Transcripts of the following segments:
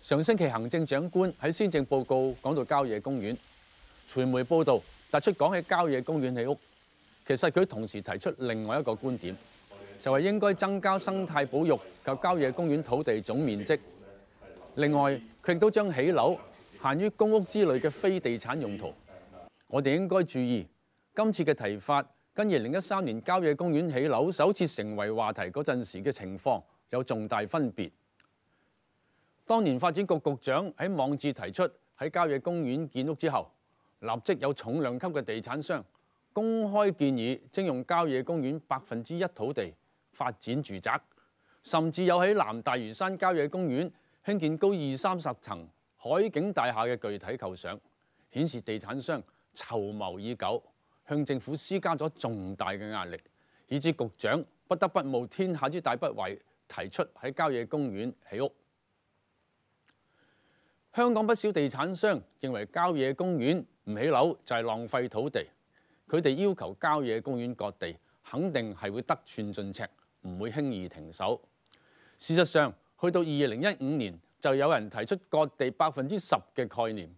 上星期行政長官喺施政報告講到郊野公園，傳媒報道突出講起郊野公園起屋，其實佢同時提出另外一個觀點，就係應該增加生態保育及郊野公園土地總面積。另外，佢亦都將起樓限於公屋之類嘅非地產用途。我哋應該注意。今次嘅提法跟二零一三年郊野公園起樓首次成為話題嗰陣時嘅情況有重大分別。當年發展局局長喺網誌提出喺郊野公園建屋之後，立即有重量級嘅地產商公開建議徵用郊野公園百分之一土地發展住宅，甚至有喺南大嶼山郊野公園興建高二三十層海景大廈嘅具體構想，顯示地產商籌謀已久。向政府施加咗重大嘅壓力，以致局長不得不冒天下之大不韙，提出喺郊野公園起屋。香港不少地產商認為郊野公園唔起樓就係浪費土地，佢哋要求郊野公園割地，肯定係會得寸進尺，唔會輕易停手。事實上，去到二零一五年就有人提出割地百分之十嘅概念。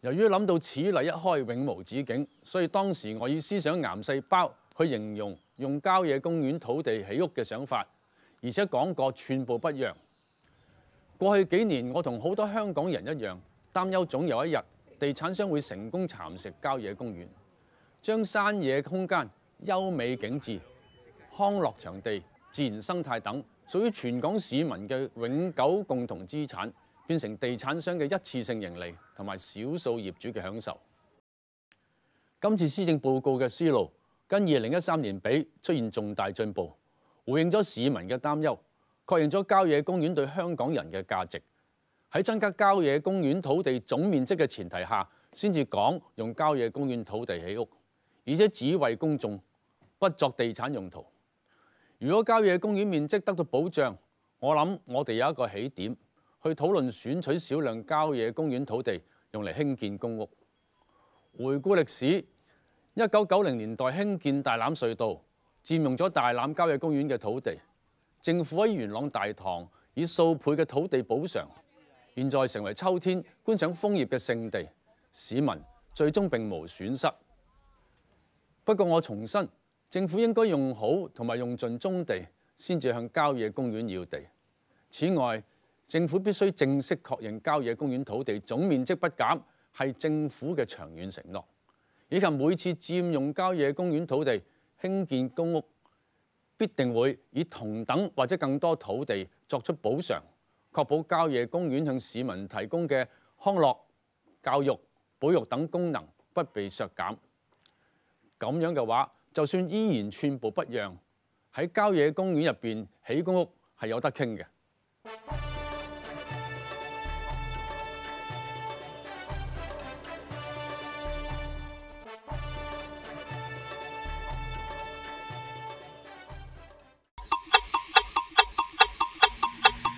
由於諗到此例一開永無止境，所以當時我以思想癌細胞去形容用郊野公園土地起屋嘅想法，而且講過寸步不讓。過去幾年，我同好多香港人一樣，擔憂總有一日地產商會成功蠶食郊野公園，將山野空間、優美景緻、康樂場地、自然生態等屬於全港市民嘅永久共同資產，變成地產商嘅一次性盈利，同埋少數業主嘅享受。今次施政報告嘅思路跟二零一三年比出現重大進步，回應咗市民嘅擔憂，確認咗郊野公園對香港人嘅價值。喺增加郊野公園土地總面積嘅前提下，先至講用郊野公園土地起屋，而且只為公眾，不作地產用途。如果郊野公園面積得到保障，我諗我哋有一個起點。去討論選取少量郊野公園土地用嚟興建公屋。回顧歷史，一九九零年代興建大欖隧道，佔用咗大欖郊野公園嘅土地。政府喺元朗大棠以數倍嘅土地補償，現在成為秋天觀賞楓葉嘅勝地。市民最終並無損失。不過，我重申，政府應該用好同埋用盡棕地，先至向郊野公園要地。此外，政府必須正式確認郊野公園土地總面積不減係政府嘅長遠承諾，以及每次佔用郊野公園土地興建公屋，必定會以同等或者更多土地作出補償，確保郊野公園向市民提供嘅康樂、教育、保育等功能不被削減。咁樣嘅話，就算依然寸步不讓，喺郊野公園入面起公屋係有得傾嘅。